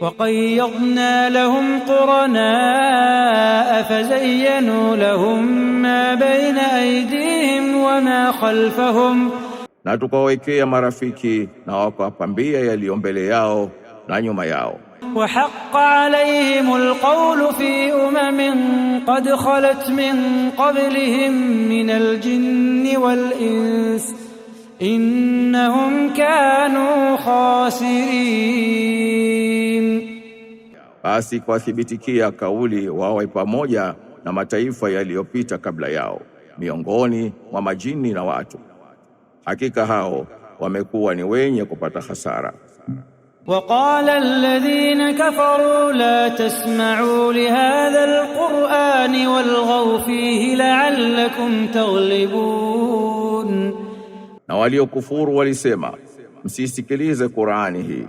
وقيضنا لهم قرناء فزينوا لهم ما بين أيديهم وما خلفهم na tukawawekea marafiki na wakawapambia yaliyo mbele yao na nyuma yao. وحق عليهم القول في أمم قد خلت من قبلهم من الجن والإنس innahum kanu khasirin, basi kuwathibitikia kauli wawe pamoja na mataifa yaliyopita kabla yao miongoni mwa majini na watu, hakika hao wamekuwa ni wenye kupata hasara. وقال الذين كفروا لا تسمعوا لهذا القرآن والغوا فيه لعلكم تغلبون na waliokufuru walisema, msisikilize Qur'ani hii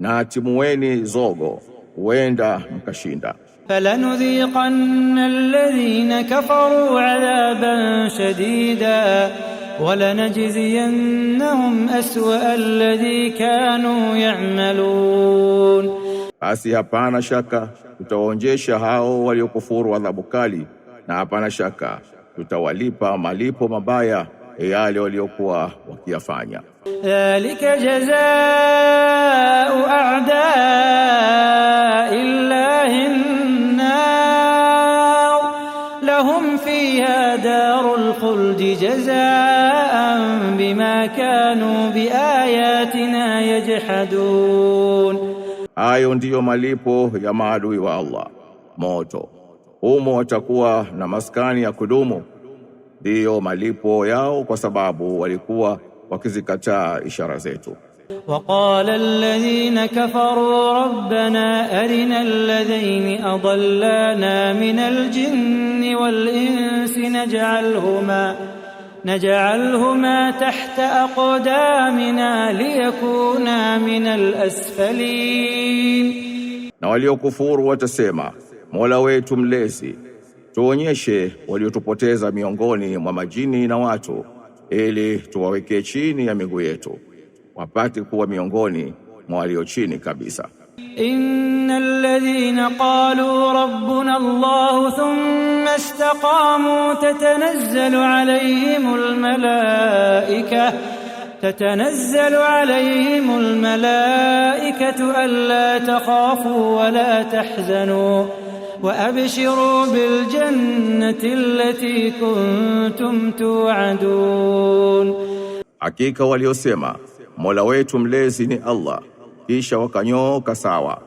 na timueni zogo, huenda mkashinda. falanudhiqanna alladhina kafaru adhaban shadida walanajziyannahum aswa alladhi kanu ya'malun, basi hapana shaka tutawaonjesha hao waliokufuru adhabu kali, na hapana shaka tutawalipa malipo mabaya E yale waliokuwa wakiyafanya. Dhalika jazaa'u a'da'i llahi an-nar lahum fiha darul khuldi jazaa'an bima kanu biayatina yajhadun, hayo ndiyo malipo ya maadui wa Allah, moto humo watakuwa na maskani ya kudumu. ndiyo malipo yao kwa sababu walikuwa wakizikataa ishara zetu. waqala alladhina kafaru rabbana arina alladhina adallana min aljinni wal insi naj'alhuma naj'alhuma tahta aqdamina liyakuna min alasfalin, na waliokufuru watasema Mola wetu mlezi tuonyeshe waliotupoteza miongoni mwa majini na watu, ili tuwawekee chini ya miguu yetu, wapate kuwa miongoni mwa walio chini kabisa. Innal ladhina qalu rabbuna Allah thumma istaqamu tatanazzalu alayhimul malaika تتنزل عليهم الملائكة ألا تخافوا ولا tahzanu وأبشروا بالجنة التي kuntum tuadun, hakika waliosema Mola wetu mlezi ni Allah, kisha wakanyooka sawa,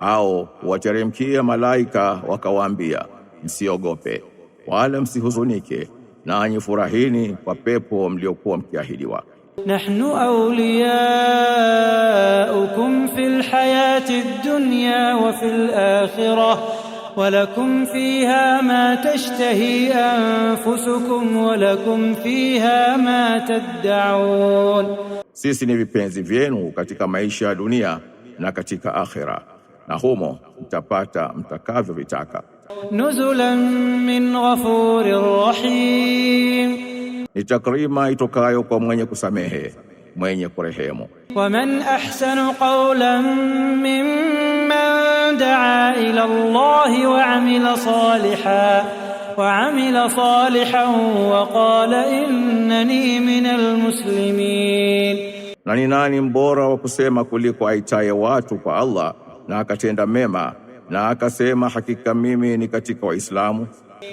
au wateremkia malaika wakawaambia, msiogope wala msihuzunike, nanyi furahini kwa pepo mliokuwa mkiahidiwa. Nahnu awliyaukum fil hayati dunya wa fil akhirah ولكم فيها ما تشتهي أنفسكم ولكم فيها ما تدعون sisi ni vipenzi vyenu katika maisha ya dunia na katika akhira, na humo mtapata mtakavyovitaka. Nuzulan min ghafurir rahim, ni takrima itokayo kwa mwenye kusamehe mwenye kurehemu. Waman ahsanu qawlan mimman daa ila Allah wa amila salihan wa amila salihan wa qala innani minal muslimin, na ni nani mbora wa kusema kuliko aitaye watu kwa Allah na akatenda mema na akasema hakika mimi ni katika Waislamu.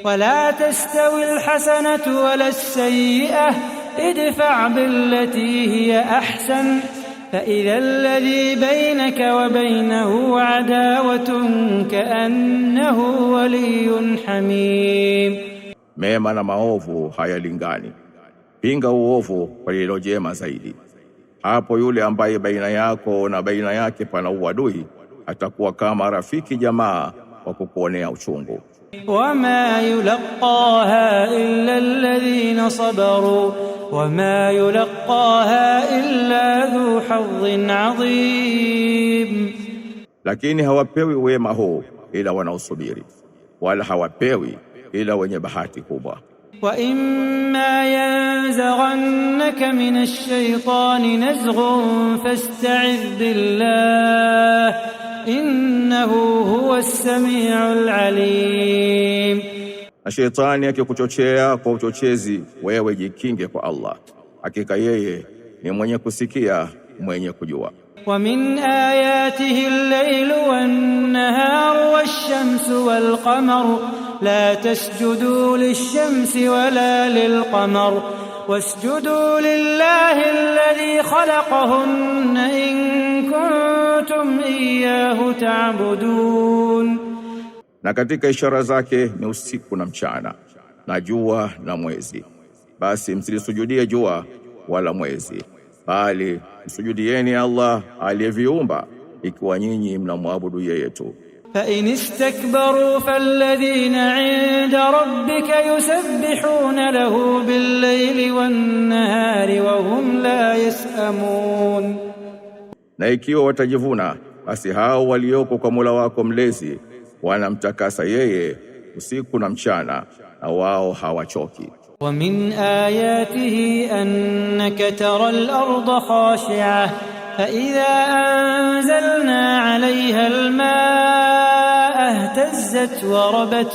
Wala tastawi alhasanatu wala sayyi'ah ادفع بالتي هي أحسن فإذا الذي بينك وبينه عداوة كأنه ولي حميم mema na maovu hayalingani pinga uovu kwa lilo jema zaidi hapo yule ambaye baina yako na baina yake pana uadui atakuwa kama rafiki jamaa wa kukuonea uchungu wama yulqaha illa alladhina sabaru وما يلقاها إلا ذو حظ عظيم لكن هو بيوي ويما هو إلا ونو صبيري ولا هو بيوي إلا ونبحاتي كوبا وإما ينزغنك من الشيطان نزغ فاستعذ بالله إنه هو السميع العليم Na shetani akikuchochea kwa uchochezi, wewe jikinge kwa Allah, hakika yeye ni mwenye kusikia mwenye kujua. wa min ayatihi al-laylu wan-naharu wash-shamsu wal-qamaru la tasjudu lish-shamsi wala lil-qamari wasjudu lillahi alladhi khalaqahunna in kuntum iyyahu ta'budun na katika ishara zake ni usiku na mchana na jua na mwezi. Basi msilisujudie jua wala mwezi, bali msujudieni Allah aliyeviumba, ikiwa nyinyi mnamwabudu yeye tu. fa in istakbaru falladhina inda rabbika yusabbihuna lahu billayli nahari wa hum la yasamun, na ikiwa watajivuna, basi hao walioko kwa Mola wako mlezi wanamtakasa yeye usiku na mchana na wao hawachoki. wa min ayatihi annaka tara al-ardha khashi'a fa idha anzalna 'alayha al-ma'a ihtazzat wa rabat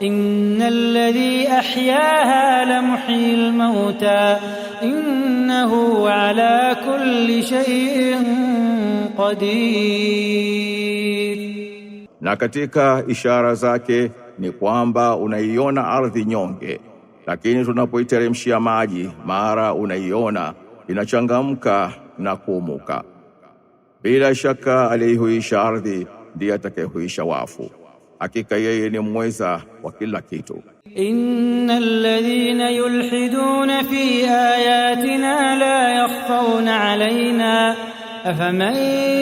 inna alladhi ahyaha lamuhyi al-mauta innahu 'ala kulli shay'in qadir na katika ishara zake ni kwamba unaiona ardhi nyonge, lakini tunapoiteremshia maji mara unaiona inachangamka na kuumuka. Bila shaka aliyehuisha ardhi ndiye atakayehuisha wafu. Hakika yeye ni mweza wa kila kitu. Innal ladhina yulhiduna fi ayatina la yakhfawna alayna أفمن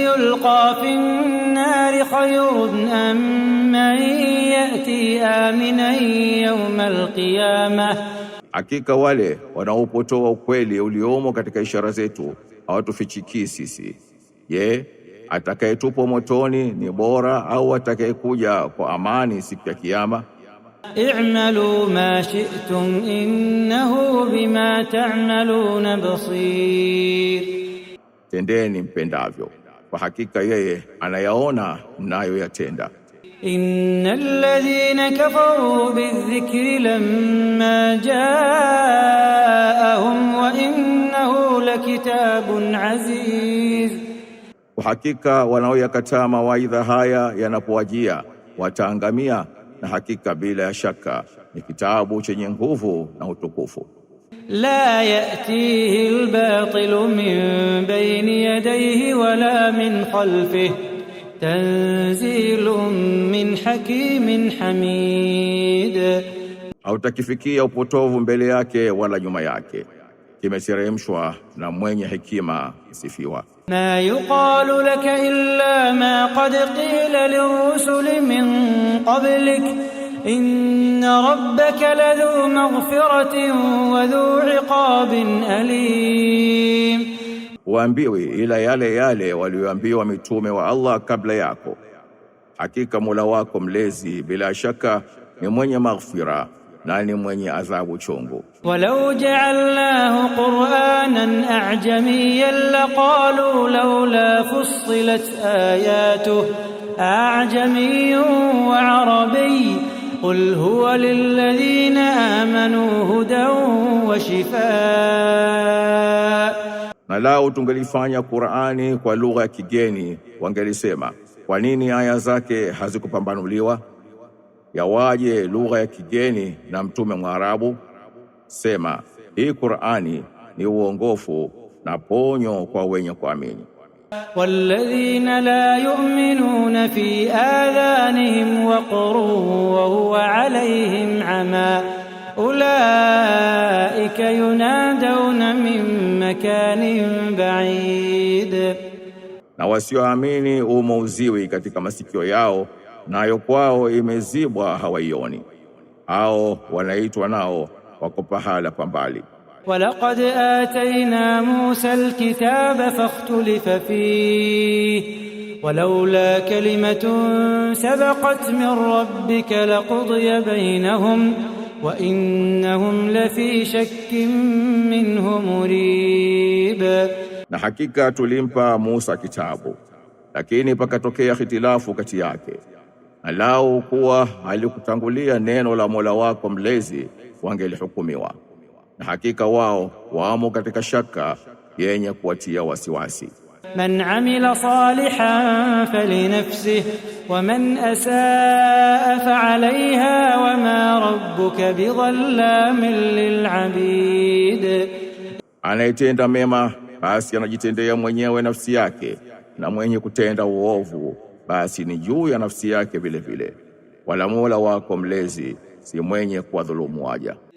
يلقى في النار خير أم من يأتي آمنا يوم القيامة Hakika wale wanaopotoa ukweli uliomo katika ishara zetu hawatufichikii sisi. Je, atakayetupwa motoni ni bora au atakayekuja kwa amani siku ya Kiyama? I'malu ma shi'tum innahu bima ta'maluna basir tendeni mpendavyo, kwa hakika yeye anayaona mnayoyatenda. innal ladhina kafaru bidhikri lamma jaahum wa innahu lakitabun aziz, kwa hakika wanaoyakataa mawaidha haya yanapowajia wataangamia, na hakika bila ya shaka ni kitabu chenye nguvu na utukufu. لا يأتيه الباطل من بين يديه ولا من خلفه تنزيل min hakimin hamid, hautakifikia upotovu mbele yake wala nyuma yake, kimeseremshwa na mwenye hekima sifiwa. ma yuqalu laka illa ma qad qila lirrusuli min qablik إن ربك لذو مغفرة وذو عقاب أليم Waambiwi ila yale yale walioambiwa mitume wa Allah kabla yako. Hakika Mola wako mlezi bila shaka ni mwenye maghfira na ni mwenye adhabu chungu. Walau ja'alnahu Qur'anan a'jamiyyan laqalu laula fussilat ayatuhu a'jamiyyun wa arabiyyun قل هو للذين آمنوا هدى وشفاء na lau tungelifanya Qur'ani kwa lugha ya kigeni wangelisema, kwa nini aya zake hazikupambanuliwa? Yawaje lugha ya kigeni na mtume Mwarabu? Sema, hii Qur'ani ni uongofu na ponyo kwa wenye kuamini. والذين لا يؤمنون في آذانهم وقر وهو عليهم عمى أولئك ينادون من مكان بعيد na wasioamini umo uziwi katika masikio yao nayo kwao imezibwa hawaioni, hao wanaitwa nao wako pahala pambali mbali. ولقد آتينا موسى الكتاب فاختلف فيه ولولا كلمة سبقت من ربك لقضي بينهم وإنهم لفي شك منه مريب na hakika tulimpa Musa kitabu lakini pakatokea hitilafu kati yake alau kuwa alikutangulia neno la Mola wako mlezi wangelihukumiwa na hakika wao wamo katika shaka yenye kuwatia wasiwasi. Man amila salihan falinafsihi wa man asaa fa'alayha wa ma rabbuka bidhallamin lil'abid, anayetenda mema basi anajitendea mwenyewe nafsi yake, na mwenye kutenda uovu basi ni juu ya nafsi yake vile vile, wala Mola wako mlezi si mwenye kuwadhulumu waja.